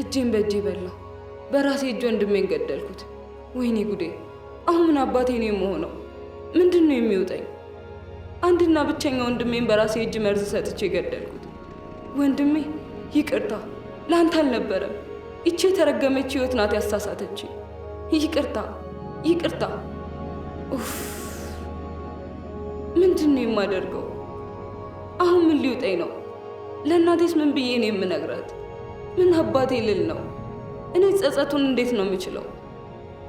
እጄን በእጄ በላው? በራሴ እጅ ወንድሜን ገደልኩት። ወይኔ ጉዴ! አሁን ምን አባቴ ነው የምሆነው? ምንድን ነው የሚውጠኝ? አንድና ብቸኛ ወንድሜን በራሴ እጅ መርዝ ሰጥቼ ገደልኩት። ወንድሜ ይቅርታ፣ ለአንተ አልነበረም። ይቺ የተረገመች ህይወት ናት ያሳሳተች። ይቅርታ፣ ይቅርታ። ምንድን ነው የማደርገው? አሁን ምን ሊውጠኝ ነው? ለእናቴስ ምን ብዬ ነው የምነግራት? ምን አባቴ ልል ነው? እኔ ጸጸቱን እንዴት ነው የምችለው?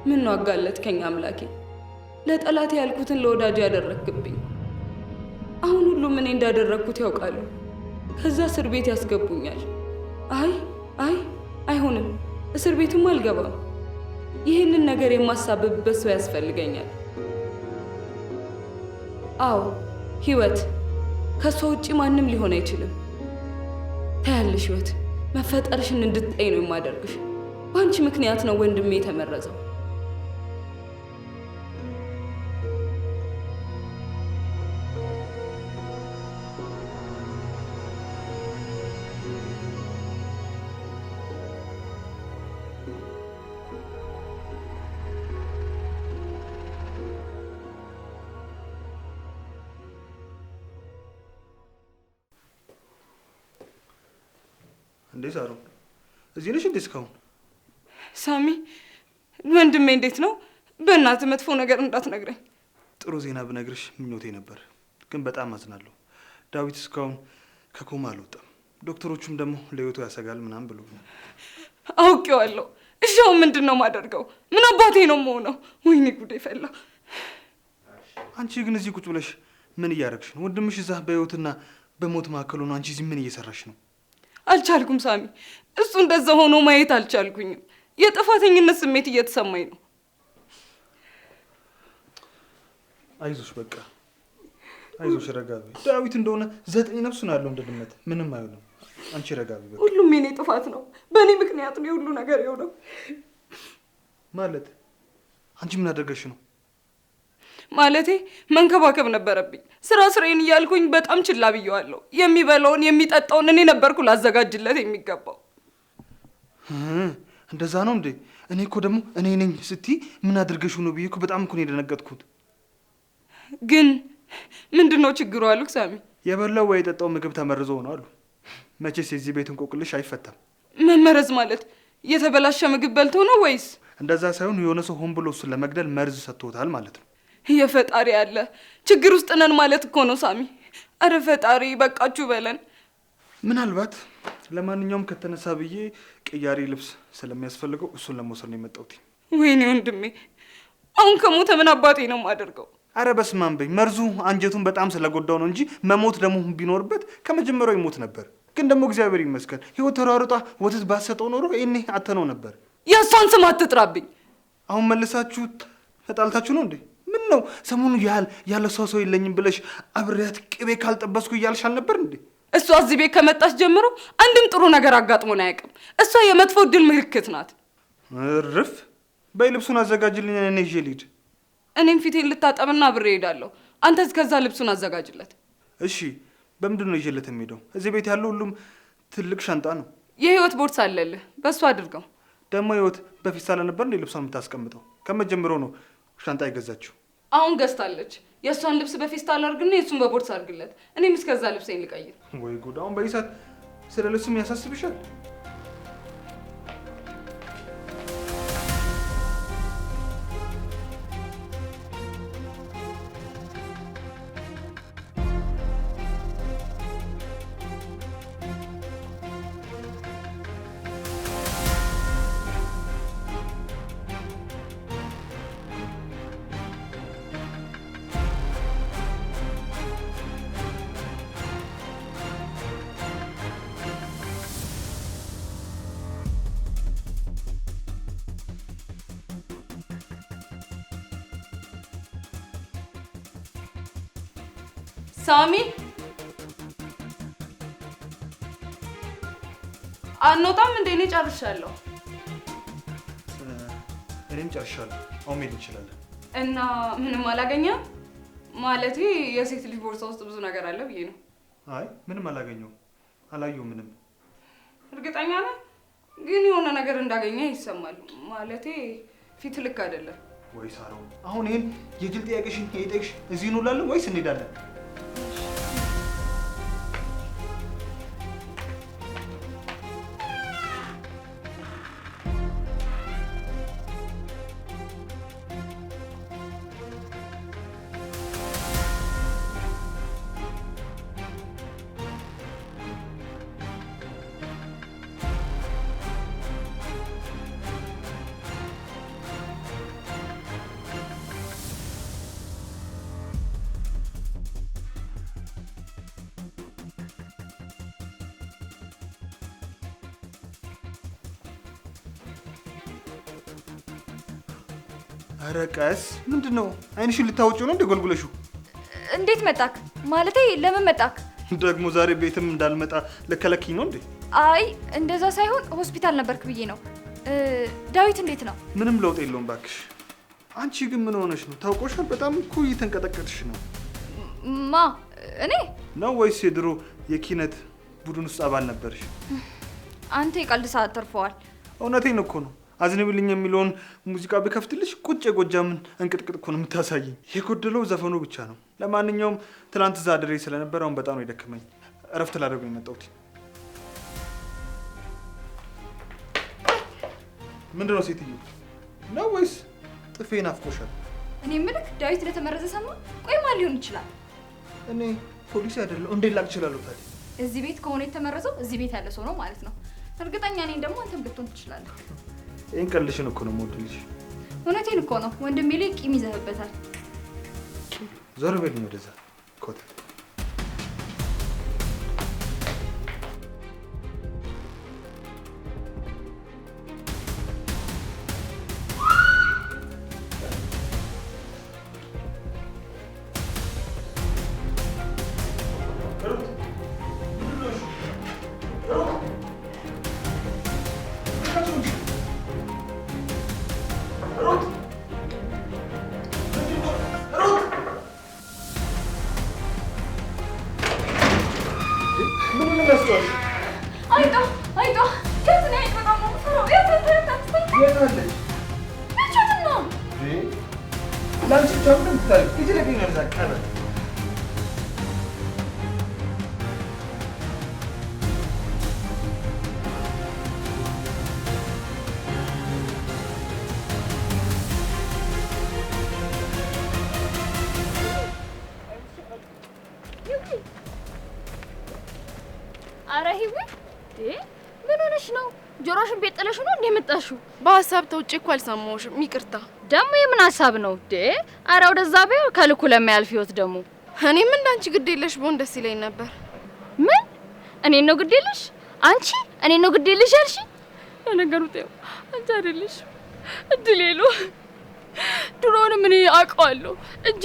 ምን ነው አጋለጥከኝ አምላኬ፣ ለጠላት ያልኩትን ለወዳጅ ያደረግክብኝ። አሁን ሁሉም እኔ እንዳደረግኩት ያውቃሉ። ከዛ እስር ቤት ያስገቡኛል። አይ አይ አይሆንም፣ እስር ቤቱም አልገባም። ይህንን ነገር የማሳብብበት ሰው ያስፈልገኛል። አዎ ህይወት፣ ከእሷ ውጭ ማንም ሊሆን አይችልም። ታያለሽ ህይወት መፈጠርሽን እንድትጠይ ነው የማደርግሽ። በአንቺ ምክንያት ነው ወንድሜ የተመረዘው። እንዴ ሳሮ እዚህ ነሽ እንዴ እስካሁን? ሳሚ ወንድሜ እንዴት ነው? በእናትህ መጥፎ ነገር እንዳትነግረኝ። ጥሩ ዜና ብነግርሽ ምኞቴ ነበር፣ ግን በጣም አዝናለሁ። ዳዊት እስካሁን ከኮማ አልወጣም። ዶክተሮቹም ደግሞ ለህይወቱ ያሰጋል ምናምን ብሎኛል። አውቄዋለሁ። እሺ አሁን ምንድን ነው ምን አባቴ ነው መሆነው ወይኔ ጉዴ ፈላ። አንቺ ግን እዚህ ቁጭ ብለሽ ምን እያደረግሽ ነው? ወንድምሽ እዛ በህይወትና በሞት መካከል ሆኖ አንቺ እዚህ ምን እየሰራሽ ነው? አልቻልኩም ሳሚ። እሱ እንደዛ ሆኖ ማየት አልቻልኩኝም። የጥፋተኝነት ስሜት እየተሰማኝ ነው። አይዞሽ በቃ አይዞሽ፣ ረጋቢ። ዳዊት እንደሆነ ዘጠኝ ነፍስ ነው ያለው እንደ ድመት። ምንም አይሆንም። አንቺ ረጋቢ። በቃ ሁሉም የኔ ጥፋት ነው። በእኔ ምክንያት ነው የሁሉ ነገር የሆነው። ማለት አንቺ ምን አደረገሽ ነው? ማለቴ መንከባከብ ነበረብኝ። ስራ ስራዬን እያልኩኝ በጣም ችላ ብየዋለሁ። የሚበላውን የሚጠጣውን እኔ ነበርኩ ላዘጋጅለት የሚገባው። እንደዛ ነው እንዴ? እኔ እኮ ደግሞ እኔ ነኝ ስትይ ምን አድርገሽው ነው ብዬ በጣም እኮ ነው የደነገጥኩት። ግን ምንድን ነው ችግሩ አሉ ሳሚ? የበላው ወይ የጠጣው ምግብ ተመርዞ ሆነ አሉ። መቼስ የዚህ ቤት እንቆቅልሽ አይፈታም። መመረዝ ማለት የተበላሸ ምግብ በልተው ነው ወይስ? እንደዛ ሳይሆን የሆነ ሰው ሆን ብሎ እሱን ለመግደል መርዝ ሰጥቶታል ማለት ነው። የፈጣሪ አለ ችግር ውስጥ ነን ማለት እኮ ነው ሳሚ። አረ ፈጣሪ በቃችሁ በለን። ምናልባት ለማንኛውም ከተነሳ ብዬ ቅያሪ ልብስ ስለሚያስፈልገው እሱን ለመውሰድ ነው የመጣሁት። ወይኔ ወንድሜ አሁን ከሞተ ምን አባቴ ነው የማደርገው? አረ በስማን አብ በይ። መርዙ አንጀቱን በጣም ስለጎዳው ነው እንጂ መሞት ደግሞ ቢኖርበት ከመጀመሪያው ይሞት ነበር። ግን ደግሞ እግዚአብሔር ይመስገን ህይወት ተሯሩጣ ወተት ባሰጠው ኖሮ ይኔ አተነው ነበር። የእሷን ስም አትጥራብኝ። አሁን መልሳችሁ ተጣልታችሁ ነው እንዴ? ነው ሰሞኑ ያህል ያለ ሰው ሰው የለኝም ብለሽ አብሬያት ቅቤ ካልጠበስኩ እያልሽ አልነበር እንዴ? እሷ እዚህ ቤት ከመጣች ጀምሮ አንድም ጥሩ ነገር አጋጥሞን አያውቅም። እሷ የመጥፎ እድል ምልክት ናት። ርፍ በይ፣ ልብሱን አዘጋጅልኝ፣ እኔ ይዤ ልሂድ። እኔም ፊቴን ልታጠብና አብሬ እሄዳለሁ። አንተ እስከዛ ልብሱን አዘጋጅለት። እሺ፣ በምንድን ነው ይዤለት የሚሄደው? እዚህ ቤት ያለው ሁሉም ትልቅ ሻንጣ ነው። የህይወት ቦርሳ አለልህ፣ በእሱ አድርገው። ደግሞ ህይወት በፊት ሳለ ነበር ልብሷን የምታስቀምጠው? ከመጀመሪያው ነው ሻንጣ የገዛችው። አሁን ገዝታለች። የእሷን ልብስ በፌስታል አድርግና የእሱን በቦርስ አድርግለት። እኔም እስከዛ ልብሴን ልቀይር። ወይ ጉድ! አሁን በዚህ ሰዓት ስለ ልብስም ያሳስብሻል? ሳሚ አንወጣም እንዴ? እኔ ጨርሻለሁ። እኔም ጨርሻለሁ። አሁን መሄድ እንችላለን። እና ምንም አላገኘም ማለት የሴት ልጅ ቦርሳ ውስጥ ብዙ ነገር አለ ብዬ ነው። አይ ምንም አላገኘሁም፣ አላየሁም። ምንም እርግጠኛ ነህ? ግን የሆነ ነገር እንዳገኘ ይሰማል። ማለቴ ፊት ልክ አይደለም ወይ? ሳሮ አሁን ይህን የግል ጥያቄሽን የጠቅሽ እዚህ እንውላለን ወይስ እንሄዳለን? Yeah. ቀስ ምንድን ነው? አይንሽን ነው እንደ ጎልጉለሽው? እንዴት መጣክ? ማለቴ ለምን መጣክ? ደግሞ ዛሬ ቤትም እንዳልመጣ ልከለኪኝ ነው እንዴ? አይ እንደዛ ሳይሆን ሆስፒታል ነበርክ ብዬ ነው። ዳዊት እንዴት ነው? ምንም ለውጥ የለውም ባክሽ። አንቺ ግን ምን ሆነሽ ነው? ታውቆሻል። በጣም እኮ እየተንቀጠቀጥሽ ነው። ማ እኔ ነው ወይስ የድሮ የኪነት ቡድን ውስጥ አባል ነበርሽ? አንተ የቀልድ ሰዓት ተርፈዋል። እውነቴን እኮ ነው አዝንብልኝ የሚለውን ሙዚቃ ብከፍትልሽ ቁጭ የጎጃምን እንቅጥቅጥ እኮ ነው የምታሳይኝ። የጎደለው ዘፈኑ ብቻ ነው። ለማንኛውም ትናንት እዛ አድሬ ስለነበር አሁን በጣም ነው የደከመኝ። እረፍት ላደርግ ነው የመጣሁት። ምንድን ነው ሴትዮ? ነው ወይስ ጥፌ ናፍቆሻል? እኔ ምልክ ዳዊት ለተመረዘ ሰማ። ቆይ ማን ሊሆን ይችላል? እኔ ፖሊስ አይደለሁ እንዴት ላቅ እችላለሁ? ታዲያ እዚህ ቤት ከሆነ የተመረዘው እዚህ ቤት ያለ ሰው ነው ማለት ነው። እርግጠኛ ነኝ ደግሞ አንተም ልትሆን ትችላለህ። ይህን ቀልሽን እኮ ነው የምወድልሽ። እውነቴን እኮ ነው ወንድሜ ላይ ቂም ይዘህበታል። ዞር በልኝ ወደዛ ኮተት ኧረ ምን ሆነሽ ነው? ጆሮሽን ቤት ጥለሽ ነው እንዴ የመጣሽው? በሀሳብ ተውጭ እኮ አልሰማሁሽም። ይቅርታ። ደግሞ የምን ሀሳብ ነው? አረ ወደዛ በይው። ከልኩ ለማያልፍ ህይወት ደግሞ እኔም እንዳንቺ ግድ የለሽ ብሆን ደስ ይለኝ ነበር። ምን ነው ግድ የለሽ? አንቺ ነው ግድ የለሽ ያልሽ? ለነገሩ ጤው አንቺ እኔ አውቀዋለሁ። እጅ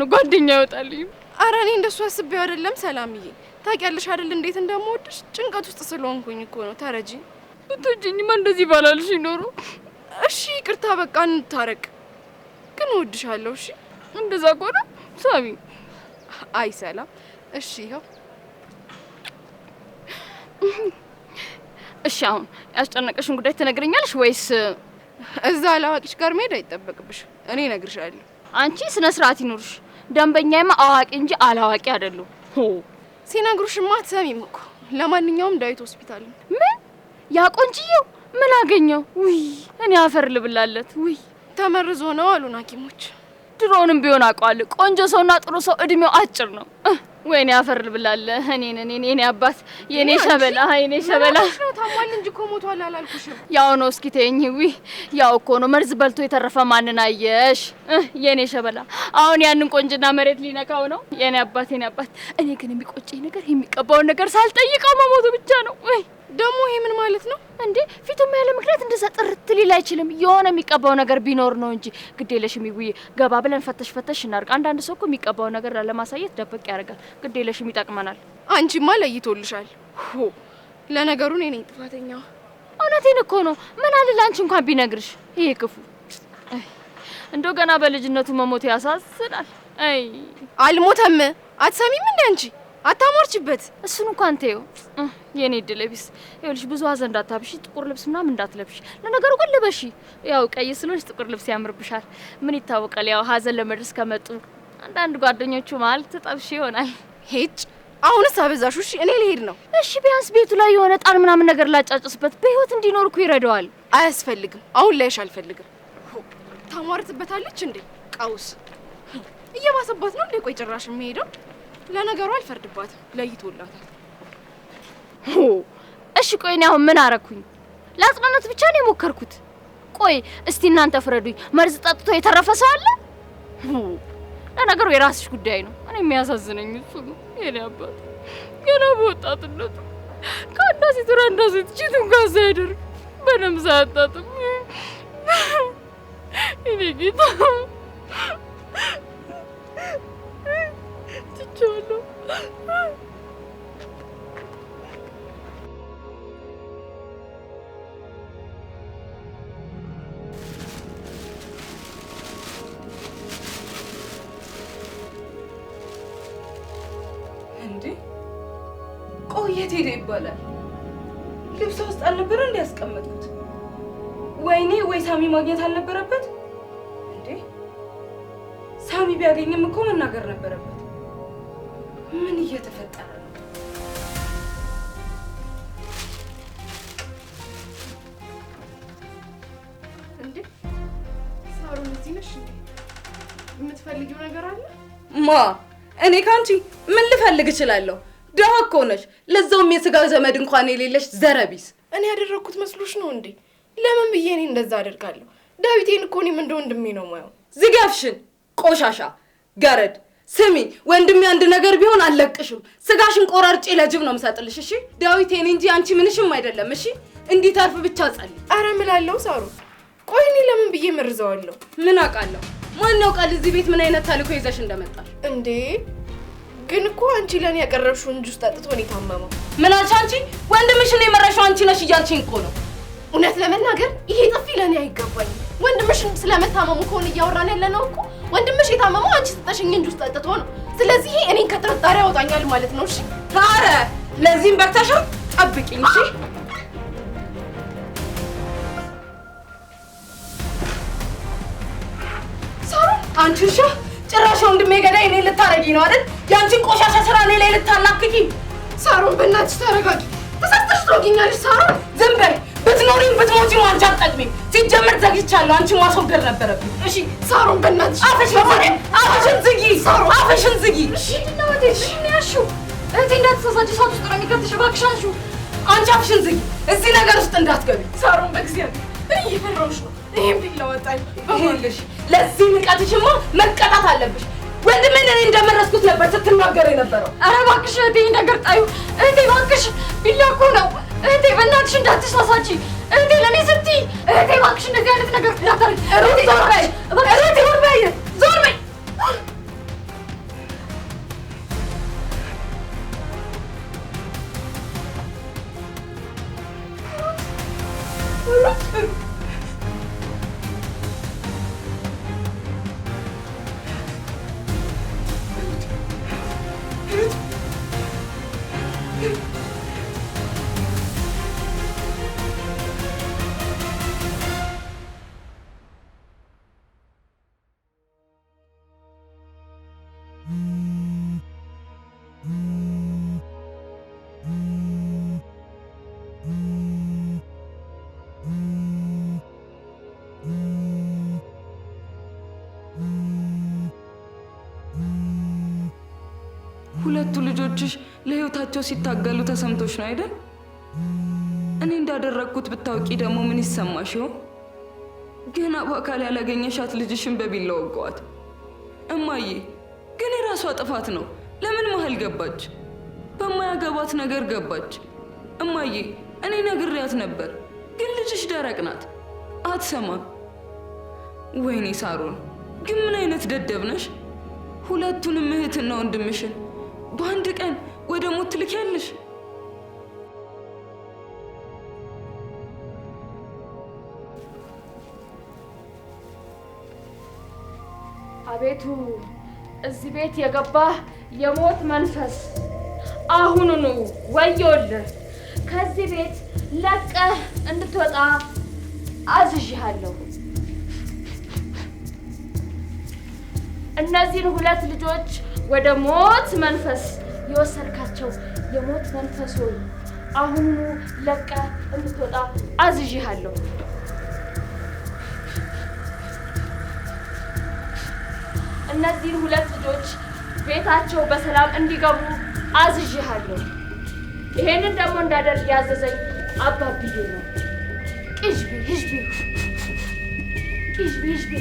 ነው ጓደኛ ይወጣልኝ። አረ እኔ እንደሱ አስቤው አይደለም ሰላምዬ ታውቂያለሽ አይደል እንዴት እንደምወድሽ። ጭንቀት ውስጥ ስለሆንኩኝ እኮ ነው። ተረጂ ብትወጂኝማ እንደዚህ ባላልሽ ይኖሩ። እሺ ይቅርታ፣ በቃ እንታረቅ። ግን እወድሻለሁ። እሺ እንደዛ ከሆነ ሳሚ። አይ ሰላም። እሺ ይኸው እሺ አሁን ያስጨነቀሽን ጉዳይ ትነግረኛለሽ ወይስ እዛ አላዋቂሽ ጋር መሄድ አይጠበቅብሽ? እኔ እነግርሻለሁ። አንቺ ስነ ስርዓት ይኑርሽ። ደንበኛዬማ አዋቂ እንጂ አላዋቂ አይደሉም። ሲነግሩሽማ አትሰሚም እኮ። ለማንኛውም ዳዊት ሆስፒታል ነው። ምን ያ ቆንጅዬው ምን አገኘው? ውይ እኔ አፈር ልብላለት። ውይ ተመርዞ ነው አሉን ሐኪሞች። ድሮውንም ቢሆን አውቀዋለሁ። ቆንጆ ሰውና ጥሩ ሰው እድሜው አጭር ነው። ወይኔ አፈር ልብላለ እኔን እኔን የኔ አባት የኔ ሸበላ የኔ ሸበላ ነው። ታሟል እንጂ እኮ ሞቷል አላልኩሽም? ያው ነው። እስኪ ተይኝ። ዊ ያው እኮ ነው። መርዝ በልቶ የተረፈ ማንን አየሽ? የኔ ሸበላ አሁን ያንን ቆንጅና መሬት ሊነካው ነው። የኔ አባት የኔ አባት። እኔ ግን የሚቆጨኝ ነገር የሚቀባውን ነገር ሳልጠይቀው መሞቱ ብቻ ነው። ደግሞ ይሄ ምን ማለት ነው እንዴ? ፊቱም ያለ ምክንያት እንደዛ ጥርት ሊል አይችልም። የሆነ የሚቀባው ነገር ቢኖር ነው እንጂ ግዴለሽ የሚውዬ ገባ ብለን ፈተሽ ፈተሽ እናድርግ። አንዳንድ ሰው እኮ የሚቀባው ነገር ለማሳየት ደበቅ ያደርጋል። ግዴለሽም ይጠቅመናል። አንቺማ ለይቶልሻል። ለነገሩ እኔ ነኝ ጥፋተኛዋ። እውነቴን እኮ ነው። ምን አለ ለአንቺ እንኳን ቢነግርሽ ይሄ ክፉ እንዶ ገና በልጅነቱ መሞት ያሳዝናል። አይ አልሞተም። አትሰሚም እንዴ አንቺ አታሞርችበት። እሱን እንኳን ተይው። የኔ እድል ቢስ ይኸውልሽ፣ ብዙ ሀዘን እንዳታብሽ፣ ጥቁር ልብስ ምናምን እንዳትለብሽ። ለነገሩ ግን ልበሺ፣ ያው ቀይ ስለሆንሽ ጥቁር ልብስ ያምርብሻል። ምን ይታወቃል፣ ያው ሀዘን ለመድረስ ከመጡ አንዳንድ ጓደኞቹ መሀል ትጠብሽ ይሆናል። ሄጭ አሁንስ አበዛሹ። እሺ እኔ ልሄድ ነው። እሺ ቢያንስ ቤቱ ላይ የሆነ ጣን ምናምን ነገር ላጫጭስበት፣ በህይወት እንዲኖር እኮ ይረዳዋል። አያስፈልግም። አሁን ላይሽ አልፈልግም። ታሟርትበታለች እንዴ? ቀውስ እየባሰባት ነው እንዴ? ቆይ ጭራሽ የሚሄደው ለነገሩ አልፈርድባትም፣ ለይቶላታል። እሺ ቆይ እኔ አሁን ምን አረኩኝ? ለአጽናናት ብቻ ነው የሞከርኩት። ቆይ እስቲ እናንተ ፍረዱኝ። መርዝ ጠጥቶ የተረፈ ሰው አለ? ለነገሩ የራስሽ ጉዳይ ነው። እኔ የሚያሳዝነኝ እሱ ነው። የኔ አባት ገና በወጣትነቱ ከአንዳ ሴት ወደ አንዳ ጋዛ ያደርግ በደም ሳያጣጥም እኔ ጌታ ወድቻለሁ። እንዴ የት ሄደ ይባላል? ልብስ ውስጥ አልነበረ እንዲ ያስቀመጥኩት? ወይኔ ወይ ሳሚ ማግኘት አልነበረበት እንዴ? ሳሚ ቢያገኝም እኮ መናገር ነበረበት። አይደለሽ? የምትፈልጊው ነገር አለ? ማ እኔ ከአንቺ ምን ልፈልግ እችላለሁ? ደሃ እኮ ነሽ፣ ለዛውም የስጋ ዘመድ እንኳን የሌለሽ ዘረቢስ። እኔ ያደረግኩት መስሎሽ ነው እንዴ? ለምን ብዬ እኔ እንደዛ አደርጋለሁ? ዳዊቴን እኮ እኔም እንደ ወንድሜ ነው ማየው። ዝጋፍሽን ቆሻሻ ገረድ ስሚ ወንድሜ፣ አንድ ነገር ቢሆን አልለቅሽም። ስጋሽን ቆራርጬ ለጅብ ነው የምሰጥልሽ እሺ ዳዊቴን እንጂ አንቺ ምንሽም አይደለም። እሺ እንዲተርፍ ብቻ ጸልይ። አረ ምላለው ሳሩ ቆይ እኔ ለምን ብዬ መርዘዋለሁ? ምን አውቃለሁ? ማን ያውቃል እዚህ ቤት ምን አይነት ታልኮ ይዘሽ እንደመጣሽ? እንዴ ግን እኮ አንቺ ለኔ ያቀረብሽውን ጁስ ጠጥቶ ነው የታመመው። ምን አልሽ አንቺ? ወንድምሽን የመረሽው አንቺ ነሽ እያልሽኝ እኮ ነው። እውነት ለመናገር ይሄ ጥፊ ለእኔ አይገባኝም። ወንድምሽን ስለመታመሙ ከሆነ እያወራን ያለ ነው እኮ ወንድምሽ የታመመው አንቺ ስጠሽኝን ጁስ ጠጥቶ ነው። ስለዚህ እኔን ከጥርጣሬ ያወጣኛል ማለት ነው። እሺ ታረ ለዚህም በርተሻ ጠብቂኝ እሺ አንቺ እሺ፣ ጭራሽ ወንድሜ ገዳይ እኔ ልታረጊ ነው አይደል? የአንቺን ቆሻሻ ስራ እኔ ላይ ልታላክኪ። ሳሮን በእናትሽ ተረጋጊ። ተሳስተሽ ትሮጊኛለሽ። ሳሮን ዝም በይ። ብትኖሪም ብትሞቺም አንቺ አትጠቅሚም። ሲጀመር ዘግቻለሁ። አንቺን ማስወገድ ነበረብኝ። እሺ ሳሮን በእናትሽ አፍሽን ዝጊ። አፍሽን ዝጊ። ሳሮን አፍሽን ዝጊ። እሺ እናቴ፣ እሺ ነሽ እህቴ፣ እንዳትሳሳጂ። ሰው ውስጥ ነው የሚከተሽ። እባክሽ አንቺ አንቺ አፍሽን ዝጊ። እዚህ ነገር ውስጥ እንዳትገቢ። ሳሮን በእግዚአብሔር እየፈራሁሽ ነው። ይሄን ቢለወጣኝ በሆንልሽ ለዚህ ንቀትሽማ መቀጣት አለብሽ። ወንድሜን እኔ እንደመረስኩት ነበር ስትናገር የነበረው። ኧረ እባክሽ እህቴ ነገር ጣዩ እህቴ እባክሽ ቢላ ነው እህቴ፣ በእናትሽ እንዳትሳሳቺ እህቴ፣ ለእኔ ስትይ እህቴ እባክሽ እንደዚህ አይነት ነገር እንዳታረጊ። ዞር በይ ዞር በይ ለመብታቸው ሲታገሉ ተሰምቶሽ ነው አይደል? እኔ እንዳደረግኩት ብታውቂ ደግሞ ምን ይሰማሽ ይሆን? ገና በአካል ያላገኘሻት ልጅሽን በቢላ ወገዋት። እማዬ ግን የራሷ ጥፋት ነው። ለምን መሀል ገባች? በማያገባት ነገር ገባች። እማዬ እኔ ነግሬያት ነበር፣ ግን ልጅሽ ደረቅ ናት፣ አትሰማም። ወይኔ ሳሮን ግን ምን አይነት ደደብ ነሽ! ሁለቱንም እህትና ወንድምሽን በአንድ ቀን ወደ ሞት ትልኪያለሽ። አቤቱ እዚህ ቤት የገባህ የሞት መንፈስ አሁኑኑ ወዮልህ! ከዚህ ቤት ለቀህ እንድትወጣ አዝዥሃለሁ። እነዚህን ሁለት ልጆች ወደ ሞት መንፈስ የወሰድካቸው የሞት መንፈስ አሁኑ ለቀ እንድትወጣ አዝዥሃለሁ። እነዚህን ሁለት ልጆች ቤታቸው በሰላም እንዲገቡ አዝዥሃለሁ። ይሄንን ደግሞ እንዳደርግ ያዘዘኝ አባብዬ ነው። ቅዥቢ ህዥቢ ቅዥቢ ህዥቢ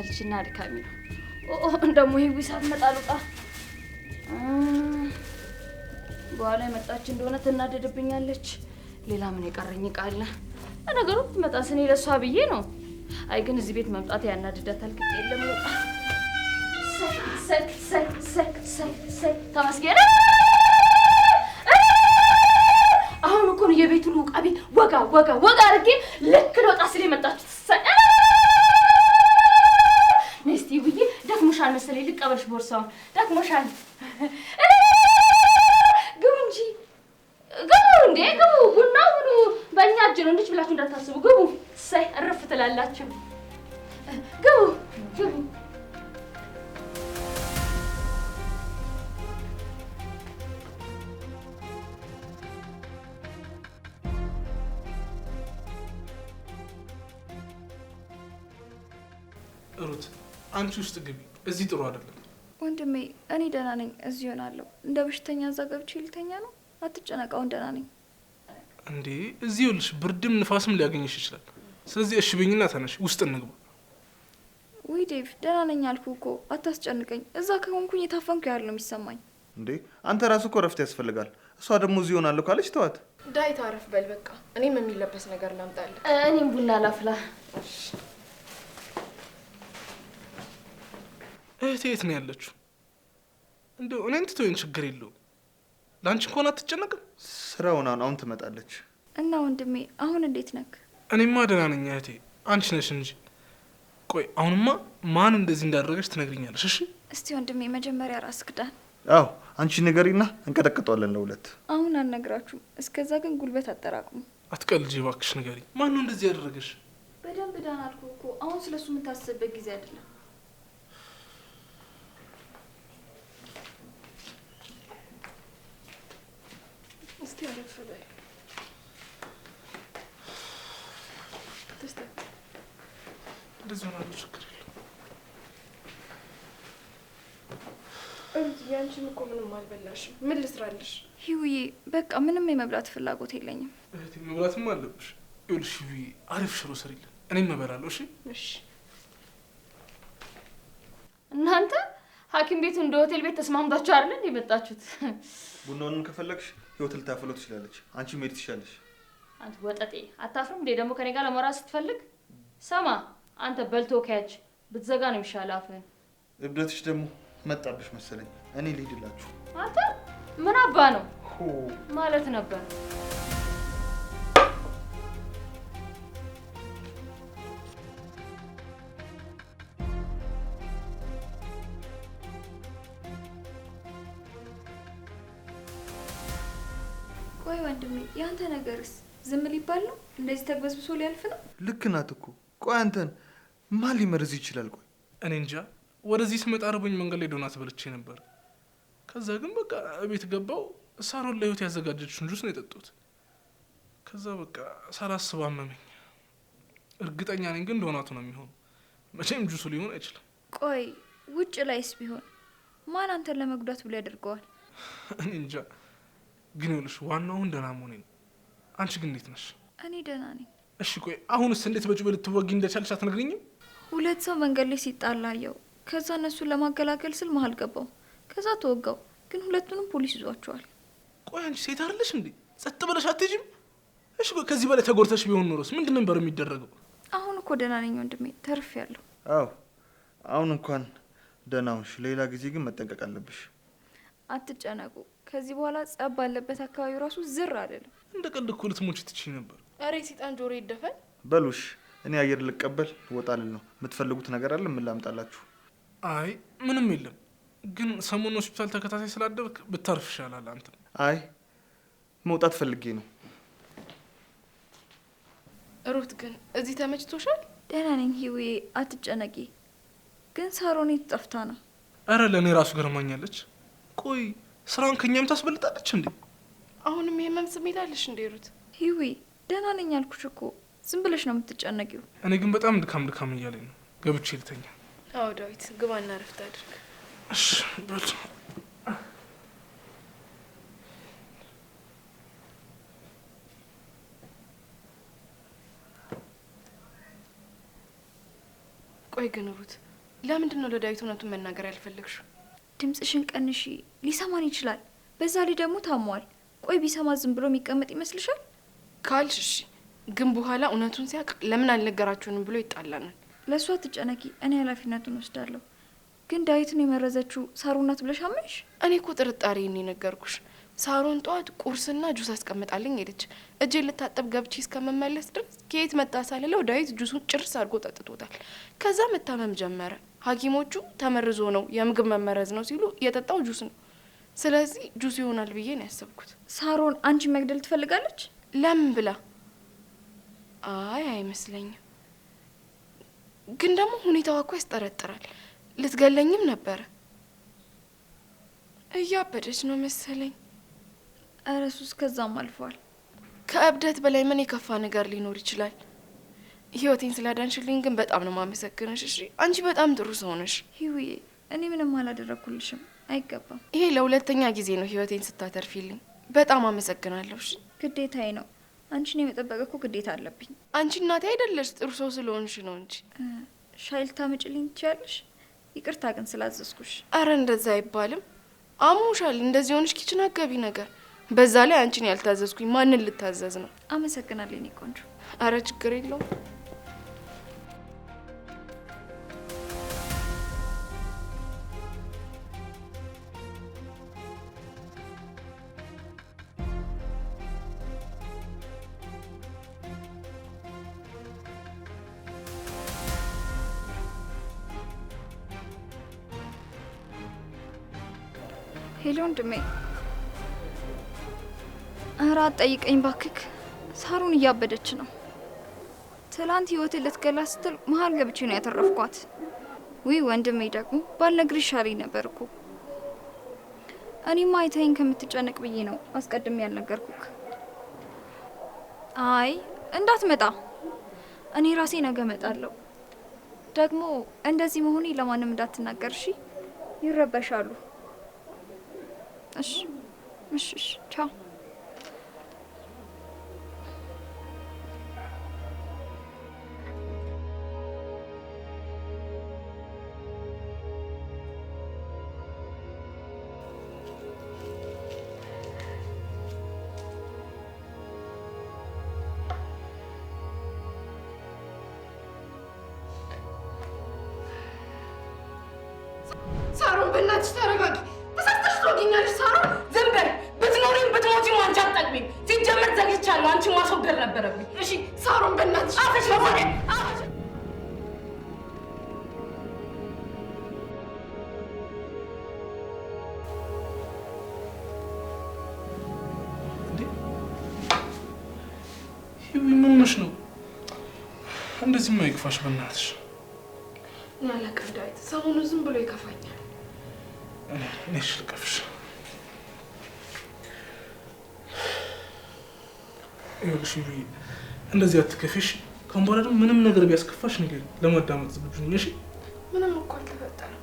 አሰልችና አድካሚ ነው። ደግሞ ይህ ዊሳት መጣሉጣ በኋላ የመጣች እንደሆነ ትናደድብኛለች። ሌላ ምን የቀረኝ እቃ አለ? ትመጣ ብትመጣ ስኔ ለእሷ ብዬ ነው። አይ ግን እዚህ ቤት መምጣት ያናድዳታል። ግጥ የለም ተመስገን። አሁን እኮ ነው የቤቱን ውቃቤ ወጋ ወጋ ወጋ አድርጌ ልክ ለወጣ ስል የመጣችሁት ደክሞሻል መሰለኝ። ልቀበልሽ ቦርሳውን። ደክሞሻል። ግቡ እንጂ ግቡ፣ እንዴ ግቡ። ቡና ሁሉ በእኛ እጅ ነው። እንድች ብላችሁ እንዳታስቡ። ግቡ። ሳይ እርፍ ትላላችሁ። ግቡ፣ ግቡ። ሩት አንቺ ውስጥ ግቢ እዚህ ጥሩ አይደለም። ወንድሜ እኔ ደህና ነኝ፣ እዚህ ሆናለሁ። እንደ በሽተኛ እዛ ገብቼ ልተኛ ነው። አትጨነቃውን፣ ደህና ነኝ። እንዴ እዚህ ይኸውልሽ፣ ብርድም ንፋስም ሊያገኝሽ ይችላል። ስለዚህ እሺ ብኝና ተነሽ፣ ውስጥ እንግባ። ውይ ዴቭ፣ ደህና ነኝ አልኩ እኮ አታስጨንቀኝ። እዛ ከሆንኩኝ የታፈንኩ ያህል ነው የሚሰማኝ። እንዴ አንተ ራሱ እኮ ረፍት ያስፈልጋል። እሷ ደግሞ እዚህ ሆናለሁ ካለች ተዋት። ዳይ ታረፍ በል በቃ። እኔም የሚለበስ ነገር ላምጣልህ። እኔም ቡና ላፍላ። እህቴ የት ነው ያለችው? እንደው እኔን ትተወኝ ችግር የለው። ለአንቺ እንኳን አትጨነቅም። ስራ ሆናን አሁን ትመጣለች። እና ወንድሜ አሁን እንዴት ነክ? እኔማ ደህና ነኝ እህቴ፣ አንቺ ነሽ እንጂ። ቆይ አሁንማ ማን እንደዚህ እንዳደረገች ትነግሪኛለሽ። እሺ እስቲ ወንድሜ መጀመሪያ ራስ ክዳን። አዎ አንቺ ንገሪና እንቀጠቅጠዋለን ለሁለት። አሁን አልነግራችሁም፣ እስከዛ ግን ጉልበት አጠራቅሙ። አትቀልጂ እባክሽ ንገሪ። ማን ነው እንደዚህ ያደረገሽ? በደንብ ዳን አልኩ እኮ። አሁን ስለሱ የምታስብበት ጊዜ አይደለም። Tack för dig. Tyst እንደዚህ ሆናሉ። ችግር የለም። ያንቺም እኮ ምንም አልበላሽም። ምን ልስራልሽ? ይውዬ በቃ ምንም የመብላት ፍላጎት የለኝም። እህቴ መብላትም አለብሽ። ይኸውልሽ ይውዬ አሪፍ ሽሮ ስሪልን፣ እኔም እበላለሁ። እሺ እሺ። እናንተ ሐኪም ቤቱ እንደ ሆቴል ቤት ተስማምታችሁ አይደል የመጣችሁት? ቡናውንም ከፈለግሽ ህይወት ልታፈለው ትችላለች። አንቺ መሄድ ትችላለች። አንተ ወጠጤ አታፍርም እንዴ? ደግሞ ከኔ ጋር ለመራ ስትፈልግ ሰማ አንተ በልቶ ከያች ብትዘጋ ነው የሚሻል አፍህን። እብደትሽ ደግሞ መጣብሽ መሰለኝ። እኔ ልሂድላችሁ። አንተ ምን አባ ነው ማለት ነበር። ቆይ ወንድሜ የአንተ ነገርስ ዝም ሊባል ነው? እንደዚህ ተግበስብሶ ሊያልፍ ነው? ልክ ናት እኮ ቆይ አንተን ማን ሊመርዝ ይችላል? ቆይ እኔ እንጃ። ወደዚህ ስመጣ ርቦኝ መንገድ ላይ ዶናት በልቼ ነበር። ከዛ ግን በቃ እቤት ገባው ሳሮን ለህይወት ያዘጋጀችውን ጁስ ነው የጠጡት። ከዛ በቃ ሳላስብ አመመኝ። እርግጠኛ ነኝ ግን ዶናቱ ነው የሚሆኑ፣ መቼም ጁሱ ሊሆን አይችልም። ቆይ ውጭ ላይስ ቢሆን ማን አንተን ለመጉዳት ብሎ ያደርገዋል? እኔ እንጃ። ግን ይኸውልሽ ዋናው አሁን ደህና መሆኔ ነው። አንቺ ግን እንዴት ነሽ? እኔ ደህና ነኝ። እሺ ቆይ አሁንስ እንዴት በጩቤ ልትወጊ እንደቻልሽ አትነግሪኝም? ሁለት ሰው መንገድ ላይ ሲጣላ አየው። ከዛ እነሱን ለማገላገል ስል መሀል ገባው። ከዛ ተወጋው። ግን ሁለቱንም ፖሊስ ይዟቸዋል። ቆይ አንቺ ሴት አይደለሽ እንዴ? ጸጥ ብለሽ አትሄጂም? እሺ ቆይ ከዚህ በላይ ተጎድተሽ ቢሆን ኖሮስ ምንድን ነበር የሚደረገው? አሁን እኮ ደህና ነኝ ወንድሜ፣ ተርፍ ያለሁ። አዎ አሁን እንኳን ደህና ሁንሽ። ሌላ ጊዜ ግን መጠንቀቅ አለብሽ። አትጨነቁ ከዚህ በኋላ ጸብ ባለበት አካባቢ ራሱ ዝር አይደለም። እንደ ቀልድ እኮ ልትሞች ትችይ ነበር። ኧረ የሰይጣን ጆሮ ይደፈን። በሉሽ እኔ አየር ልቀበል ወጣልል ነው። የምትፈልጉት ነገር አለ? ምን ላምጣላችሁ? አይ ምንም የለም። ግን ሰሞኑን ሆስፒታል ተከታታይ ስላደርክ ብታርፍ ይሻላል አንተ። አይ መውጣት ፈልጌ ነው። ሩት ግን እዚህ ተመችቶሻል? ደህና ነኝ ህዌ፣ አትጨነቂ። ግን ሳሮን የት ጠፍታ ነው? አረ ለእኔ ራሱ ገርማኛለች። ቆይ ስራውን ከኛም ታስበልጣለች እንዴ? አሁንም የህመም ስሜት አለሽ እንዴ ሩት? ሂዊ ደህና ነኝ ያልኩሽ እኮ ዝም ብለሽ ነው የምትጨነቂው። እኔ ግን በጣም ድካም ድካም እያለኝ ነው፣ ገብቼ ልተኛ። አዎ ዳዊት ግባና ረፍት አድርግ። እሺ በል ቆይ ግን ሩት፣ ለምንድን ነው ለዳዊት እውነቱን መናገር ያልፈለግሽው? ድምፅሽን ቀንሺ፣ ሊሰማን ይችላል። በዛ ላይ ደግሞ ታሟል። ቆይ ቢሰማ ዝም ብሎ የሚቀመጥ ይመስልሻል? ካልሽ እሺ፣ ግን በኋላ እውነቱን ሲያውቅ ለምን አልነገራችሁንም ብሎ ይጣላናል። ለእሷ ትጨነቂ፣ እኔ ኃላፊነቱን ወስዳለሁ። ግን ዳዊትን የመረዘችው ሳሩናት ናት ብለሽ አመንሽ? እኔ እኮ ጥርጣሬን የነገርኩሽ። ሳሮን ጠዋት ቁርስና ጁስ አስቀምጣልኝ ሄደች። እጄ ልታጠብ ገብቼ እስከመመለስ ድረስ ከየት መጣ ሳልለው ዳዊት ጁሱን ጭርስ አድርጎ ጠጥቶታል። ከዛ መታመም ጀመረ። ሐኪሞቹ ተመርዞ ነው የምግብ መመረዝ ነው ሲሉ የጠጣው ጁስ ነው። ስለዚህ ጁስ ይሆናል ብዬ ነው ያሰብኩት። ሳሮን አንቺ መግደል ትፈልጋለች? ለምን ብላ? አይ አይመስለኝም። ግን ደግሞ ሁኔታዋ እኮ ያስጠረጥራል። ልትገለኝም ነበረ። እያበደች ነው መሰለኝ። እረሱስ ከዛም አልፏል። ከእብደት በላይ ምን የከፋ ነገር ሊኖር ይችላል? ህይወቴን ስላዳንሽልኝ ግን በጣም ነው ማመሰግንሽ። እሺ አንቺ በጣም ጥሩ ሰው ነሽ እኔ ምንም አላደረግኩልሽም፣ አይገባም። ይሄ ለሁለተኛ ጊዜ ነው ህይወቴን ስታተርፊልኝ። በጣም አመሰግናለሁ። እሺ ግዴታዬ ነው። አንቺን የመጠበቅ እኮ ግዴታ አለብኝ። አንቺ እናቴ አይደለሽ፣ ጥሩ ሰው ስለሆንሽ ነው እንጂ። ሻይ ልታመጪልኝ ትችያለሽ? ይቅርታ ግን ስላዘዝኩሽ። አረ እንደዛ አይባልም። አሞሻል። እንደዚህ ሆንሽ ኪችን አገቢ ነገር በዛ ላይ አንቺን ያልታዘዝኩኝ ማንን ልታዘዝ ነው? አመሰግናለሁ የኔ ቆንጆ። አረ ችግር የለውም። ሄሎ ወንድሜ፣ እረ አትጠይቀኝ ባክክ። ሳሩን እያበደች ነው። ትላንት ህይወቴን ልትገላት ስትል መሀል ገብቼ ነው ያተረፍኳት። ውይ ወንድሜ፣ ደግሞ ባልነግርሽ ይሻለኝ ነበር እኮ። እኔማ አይታይኝ ከምትጨነቅ ብዬ ነው አስቀድሜ ያልነገርኩክ። አይ እንዳትመጣ፣ እኔ ራሴ ነገ እመጣለሁ። ደግሞ እንደዚህ መሆኔ ለማንም እንዳትናገር እሺ? ይረበሻሉ። እሺ፣ እሺ፣ እሺ፣ ቻው። ሳሮን በእናትሽ ተረጋጊ። ተሳስተሽ ትወጊኛለሽ። ሰምቻለሁ። አንቺ ማስወገድ ነበረብኝ። እሺ ሳሮን፣ በእናትሽ አፈሽ ነው እንደዚህ በእናትሽ ዝም ብሎ ይከፋኛል። ይኸውልሽ ዩዬ እንደዚህ አትከፊሽ። ከአሁን በኋላ ደግሞ ምንም ነገር ቢያስከፋሽ ንገሪ፣ ለማዳመጥ ዝግጁ ነሽ? ምንም እኮ አልተፈጠረም።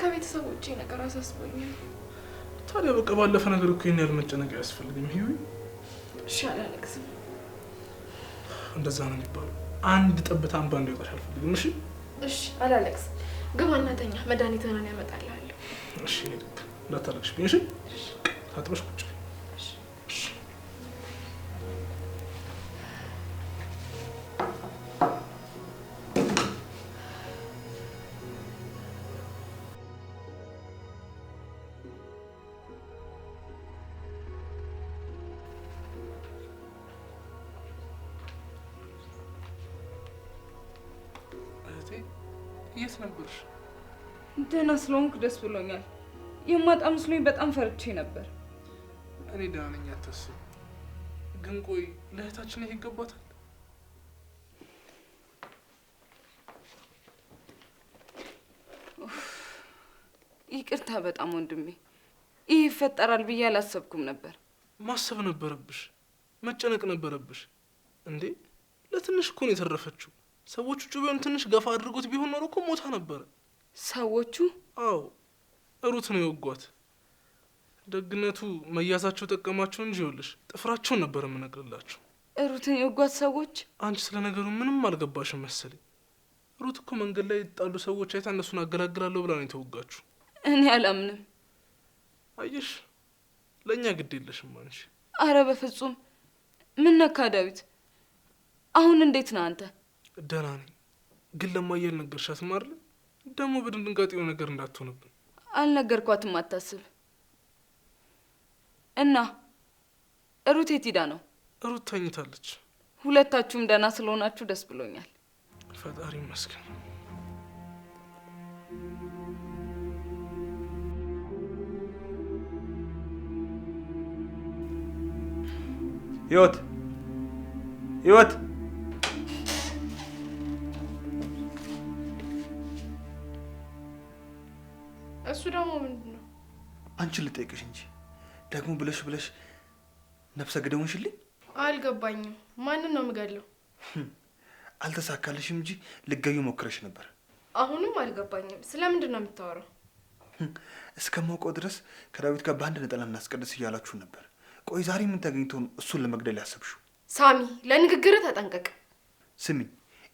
ከቤተሰብ ውጭ ነገር አሳስቦኝ። ታዲያ በቃ ባለፈ ነገር እኮ ይህን ያህል መጨነቅ አያስፈልግም ሂዊ። እሺ አላለቅስም። እንደዛ ነው የሚባለው። አንድ ጠብታ እንባ እንዲወጣሽ አልፈልግም። እሺ እሺ፣ አላለቅስም። ግባ እናተኛ፣ መድኃኒትህን እኔ አመጣልሃለሁ። እሺ ልክ እንዳታለቅሽ ብኝ። እሺ ታጥበሽ ቁጭ ደህና ስለሆንክ ደስ ብሎኛል። የማጣ ምስሎኝ በጣም ፈርቼ ነበር። እኔ ደህና ነኝ፣ አታስቢ። ግን ቆይ ለእህታችን ይሄ ይገባታል? ይቅርታ በጣም ወንድሜ፣ ይህ ይፈጠራል ብዬ አላሰብኩም ነበር። ማሰብ ነበረብሽ፣ መጨነቅ ነበረብሽ። እንዴ ለትንሽ እኮ ነው የተረፈችው። ሰዎቹ ጩቤውን ትንሽ ገፋ አድርጎት ቢሆን ኖሮ እኮ ሞታ ነበረ። ሰዎቹ? አዎ ሩት ነው የወጓት። ደግነቱ መያዛቸው ጠቀማቸው እንጂ ይኸውልሽ ጥፍራቸውን ነበር የምነግርላቸው። ሩትን የወጓት ሰዎች? አንቺ ስለ ነገሩ ምንም አልገባሽም መሰለኝ። ሩት እኮ መንገድ ላይ የጣሉ ሰዎች አይታ እነሱን አገላግላለሁ ብላ ነው የተወጋችሁ። እኔ አላምንም። አየሽ ለእኛ ግድ የለሽም አንቺ። አረ በፍጹም ምን ነካ ዳዊት? አሁን እንዴት ነህ አንተ? ደህና ነኝ፣ ግን ለማየል ነገርሻት ማርለ ደግሞ በድንጋጤው ነገር እንዳትሆንብን። አልነገርኳትም፣ አታስብ። እና ሩት የት ሄዳ ነው? ሩት ተኝታለች። ሁለታችሁም ደህና ስለሆናችሁ ደስ ብሎኛል። ፈጣሪ ይመስገን። ህይወት ህይወት እሱ ደግሞ ምንድን ነው? አንቺን ልጠይቅሽ እንጂ ደግሞ ብለሽ ብለሽ ነፍሰ ግደሙሽልኝ። አልገባኝም። ማንን ነው የምገለው? አልተሳካልሽም እንጂ ልገዩ ሞክረሽ ነበር። አሁንም አልገባኝም። ስለምንድን ነው የምታወራው? እስከማውቀው ድረስ ከዳዊት ጋር በአንድ ነጠላ እናስቀድስ እያላችሁ ነበር። ቆይ ዛሬ ምን ተገኝቶ ነው እሱን ለመግደል ያሰብሽው? ሳሚ፣ ለንግግር ተጠንቀቅ። ስሚ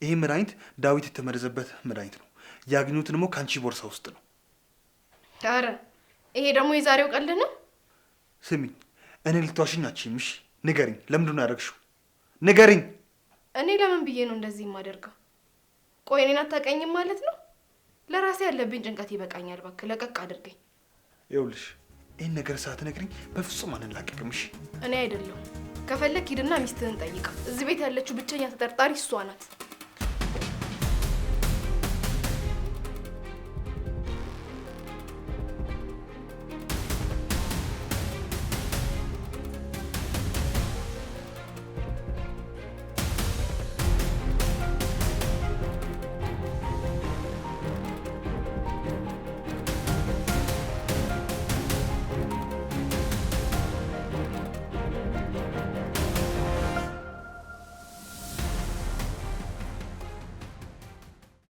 ይህ መድኃኒት ዳዊት የተመረዘበት መድኃኒት ነው። ያገኙት ደግሞ ከአንቺ ቦርሳ ውስጥ ነው። ኧረ ይሄ ደግሞ የዛሬው ቀልድ ነው። ስሚ እኔ ልትዋሽኝ አትችይም። እሺ ንገሪኝ፣ ለምንድን ነው ያደረግሽው? ንገሪኝ። እኔ ለምን ብዬ ነው እንደዚህ የማደርገው? ቆይ እኔን አታውቀኝም ማለት ነው? ለራሴ ያለብኝ ጭንቀት ይበቃኛል። እባክህ ለቀቅ አድርገኝ። ይኸውልሽ ይህን ነገር ሳትነግሪኝ በፍጹም አንላቀቅም። እሺ እኔ አይደለሁም። ከፈለግ ሂድና ሚስትህን ጠይቃ። እዚህ ቤት ያለችው ብቸኛ ተጠርጣሪ እሷ ናት።